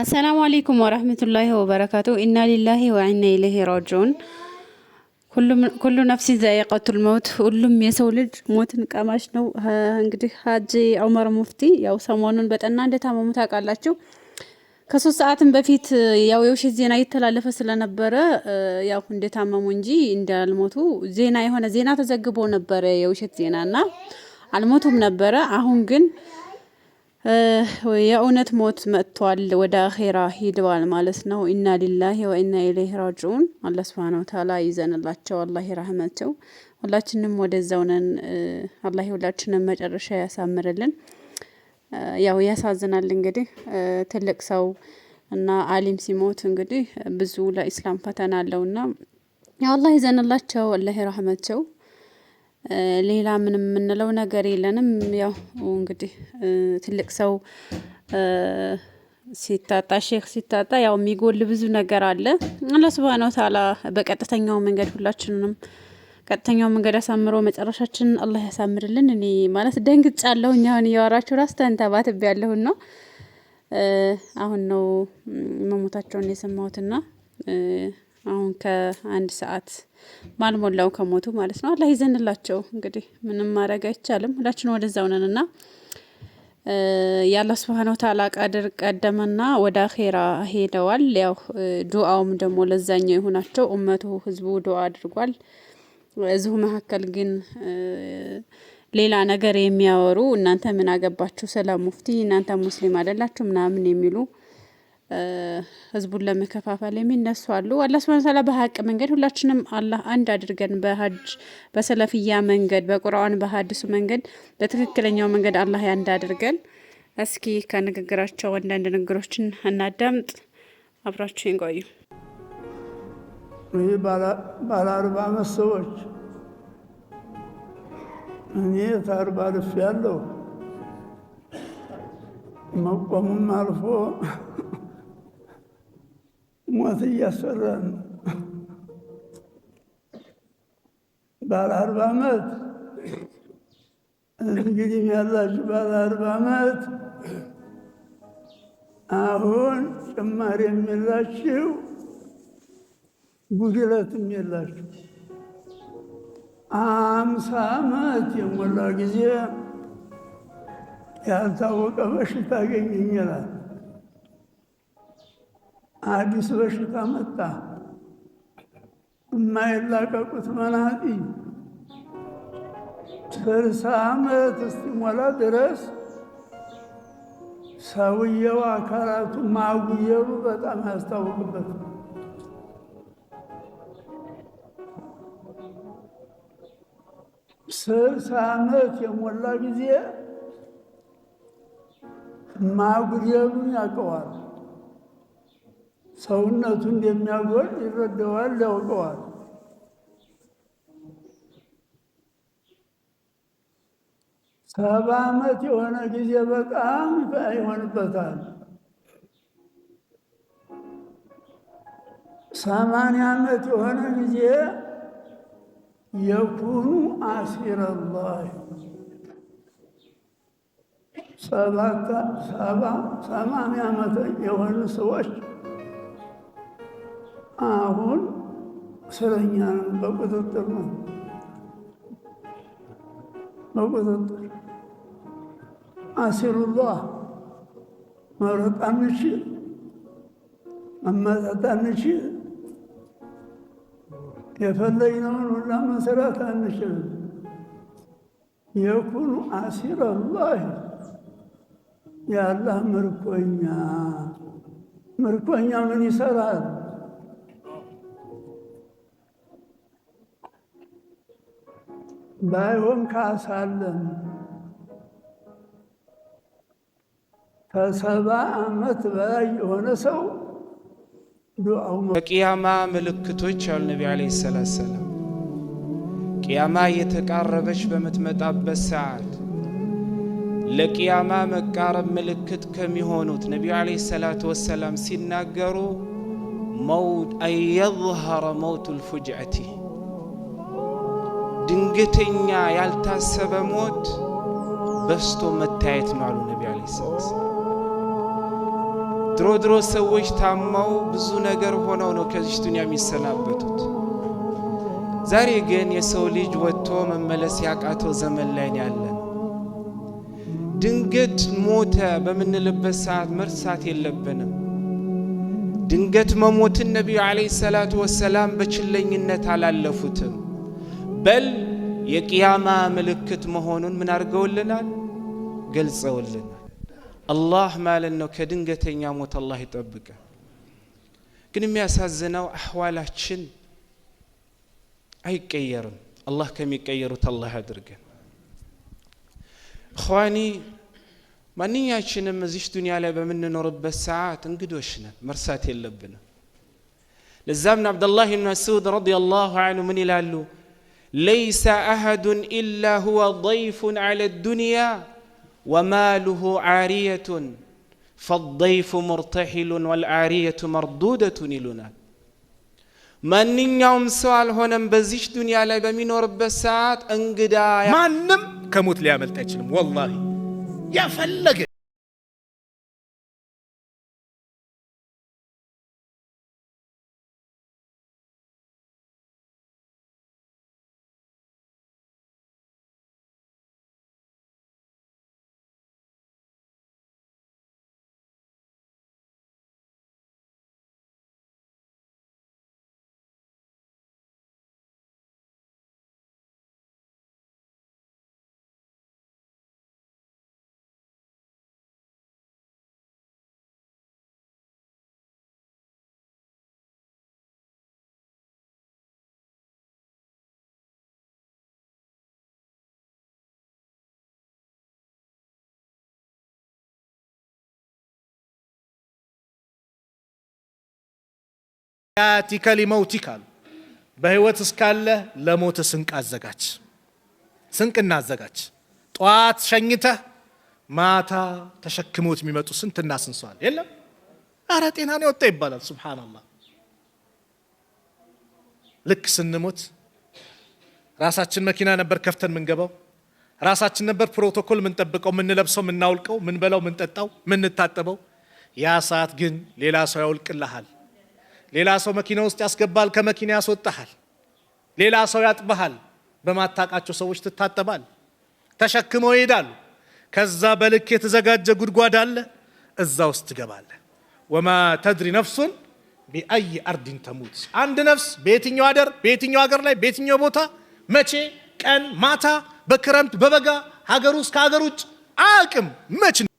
አሰላሙ አሌይኩም ወረህመቱላሂ ወበረካቱ። ኢና ሊላሂ ወኢና ኢለይሂ ራጂዑን። ኩሉ ነፍሲን ዛኢቀቱል መውት፣ ሁሉም የሰው ልጅ ሞትን ቀማሽ ነው። እንግዲህ ሀጂ ዑመር ሙፍቲ ያው ሰሞኑን በጠና እንደታመሙ ታውቃላችሁ። ከሶስት ሰዓትም በፊት ያው የውሸት ዜና እየተላለፈ ስለነበረ ያው እንደታመሙ እንጂ እንዳልሞቱ ዜና የሆነ ዜና ተዘግቦ ነበረ የውሸት ዜና እና አልሞቱም ነበረ። አሁን ግን የእውነት ሞት መጥቷል፣ ወደ አኼራ ሂድዋል ማለት ነው። ኢና ሊላሂ ወኢና ኢለይሂ ራጅዑን። አላህ ሱብሓነሁ ወተዓላ ይዘንላቸው፣ አላህ ራህመቸው ሁላችንም ወደዛው ነን። አላህ ሁላችንም መጨረሻ ያሳምርልን። ያው ያሳዝናል እንግዲህ ትልቅ ሰው እና አሊም ሲሞት እንግዲህ ብዙ ለኢስላም ፈተና አለውና ያው አላህ ይዘንላቸው፣ አላህ ራህመቸው። ሌላ ምንም የምንለው ነገር የለንም። ያው እንግዲህ ትልቅ ሰው ሲታጣ ሼክ ሲታጣ ያው የሚጎል ብዙ ነገር አለ። አላህ ሱብሃነሁ ወተዓላ በቀጥተኛው መንገድ ሁላችንንም ቀጥተኛው መንገድ አሳምሮ መጨረሻችንን አላህ ያሳምርልን። እኔ ማለት ደንግጫለሁ። አሁን እያወራችሁ ራስ ተንተባትብ ያለሁን ነው። አሁን ነው መሞታቸውን የሰማሁትና አሁን ከአንድ ሰዓት ማልሞላው ከሞቱ ማለት ነው። አላህ ይዘንላቸው። እንግዲህ ምንም ማድረግ አይቻልም። ሁላችን ወደዛው ነን እና የአላህ ስብሃነ ወተዓላ ቀድር ቀደመና ወደ አኼራ ሄደዋል። ያው ዱአውም ደግሞ ለዛኛው የሆናቸው እመቱ ህዝቡ ዱአ አድርጓል። እዚሁ መካከል ግን ሌላ ነገር የሚያወሩ እናንተ ምን አገባችሁ ስለ ሙፍቲ እናንተ ሙስሊም አይደላችሁ ምናምን የሚሉ ህዝቡን ለመከፋፈል የሚነሱ አሉ። አላህ ስብሃነ ተዓላ በሀቅ መንገድ ሁላችንም አላህ አንድ አድርገን በሀጅ በሰለፍያ መንገድ በቁርአን በሀዲሱ መንገድ በትክክለኛው መንገድ አላህ አንድ አድርገን። እስኪ ከንግግራቸው አንዳንድ ንግግሮችን እናዳምጥ። አብራችሁ ይንቆዩ ይህ ባለ አርባ አመት ሰዎች እኔ የታርባ ልፍ ያለው መቆሙም አልፎ ሞት እያስፈራን ነው። ባለ አርባ ዓመት እንግዲህ ያላችሁ ባለ አርባ ዓመት አሁን ጭማሪ የሚላችሁ ጉድለትም የላችሁ። አምሳ ዓመት የሞላ ጊዜ ያልታወቀ በሽታ አገኘኝ ይላል። አዲስ በሽታ መጣ። የማይላቀቁት መናጢ ስልሳ ዓመት እስኪሞላ ድረስ ሰውየው አካላቱ ማጉየሩ በጣም ያስታውቅበት። ስልሳ ዓመት የሞላ ጊዜ ማጉየሩን ያውቀዋል። ሰውነቱ እንደሚያጎል ይረዳዋል፣ ያውቀዋል። ሰባ ዓመት የሆነ ጊዜ በጣም ይሆንበታል። ሰማንያ ዓመት የሆነ ጊዜ የኩኑ አሲረላህ ሰማንያ ዓመት የሆኑ ሰዎች አሁን ስለኛ ነው በቁጥጥር ነው በቁጥጥር አሲሩላህ መብረጣ ንች መማጣጣ የፈለግነውን ሁላ መሰራት አንችል። የኩኑ አሲረ የአላህ ምርኮኛ ምርኮኛ ምን ይሰራል? ባይሆን ካሳለን ከሰባ ዓመት በላይ የሆነ ሰው ከቅያማ ምልክቶች አሉ ነቢዩ ዓለይሂ ሰላቱ ሰላም ቅያማ እየተቃረበች በምትመጣበት ሰዓት ለቅያማ መቃረብ ምልክት ከሚሆኑት ነቢዩ ዓለይሂ ሰላቱ ወሰላም ሲናገሩ መውት አን የዝሀረ መውቱል ፉጅአቲ ድንገተኛ ያልታሰበ ሞት በስቶ መታየት ነው አሉ ነቢ ዓለይሂ ሰላም። ድሮ ድሮ ሰዎች ታመው ብዙ ነገር ሆነው ነው ከዚች ዱንያ የሚሰናበቱት። ዛሬ ግን የሰው ልጅ ወጥቶ መመለስ ያቃተው ዘመን ላይ ያለ ድንገት ሞተ በምንልበት ሰዓት መርሳት የለብንም። ድንገት መሞትን ነቢዩ ዓለይሂ ሰላቱ ወሰላም በችለኝነት አላለፉትም። በል የቅያማ ምልክት መሆኑን ምን አድርገውልናል? ገልጸውልናል። አላህ ማለት ነው ከድንገተኛ ሞት አላህ ይጠብቀ። ግን የሚያሳዝነው አህዋላችን አይቀየርም። አላህ ከሚቀየሩት አላህ አድርገን። እኽዋኒ ማንኛችንም እዚች ዱንያ ላይ በምንኖርበት ሰዓት እንግዶች ነን፣ መርሳት የለብንም። ለዛም አብደላህ ብን መስዑድ ረዲየላሁ አንሁ ምን ይላሉ? ليس أحد إلا هو ضيف على الدنيا وماله عارية فالضيف مرتحل والعارية مردودة ما إلنا ማንኛውም ሰው አልሆነም በዚች ዱንያ ላይ በሚኖርበት ما نم كموت ከሞት ሊያመልጥ والله يا ያፈለገ ያቲከ ሊመውቲክ አሉ። በህይወት እስካለ ለሞት ስንቅ አዘጋጅ፣ ስንቅ እናዘጋጅ። ጠዋት ሸኝተህ ማታ ተሸክሞት የሚመጡ ስንት እናስንሰዋል። የለም አረ ጤና ነው ወጣ ይባላል። ሱብሓነላህ። ልክ ስንሞት ራሳችን መኪና ነበር ከፍተን የምንገባው፣ ራሳችን ነበር ፕሮቶኮል የምንጠብቀው፣ የምንለብሰው፣ የምናውልቀው፣ ምንበላው፣ ምንጠጣው፣ ምንታጠበው። ያ ሰዓት ግን ሌላ ሰው ያውልቅልሃል። ሌላ ሰው መኪና ውስጥ ያስገባል፣ ከመኪና ያስወጣሃል። ሌላ ሰው ያጥበሃል፣ በማታቃቸው ሰዎች ትታጠባል። ተሸክመው ይሄዳሉ። ከዛ በልክ የተዘጋጀ ጉድጓድ አለ፣ እዛ ውስጥ ትገባለህ። ወማ ተድሪ ነፍሱን ቢአይ አርዲን ተሙት። አንድ ነፍስ በየትኛው አደር በየትኛው ሀገር ላይ በየትኛው ቦታ መቼ ቀን ማታ በክረምት በበጋ ሀገር ውስጥ ከሀገር ውጭ አቅም መች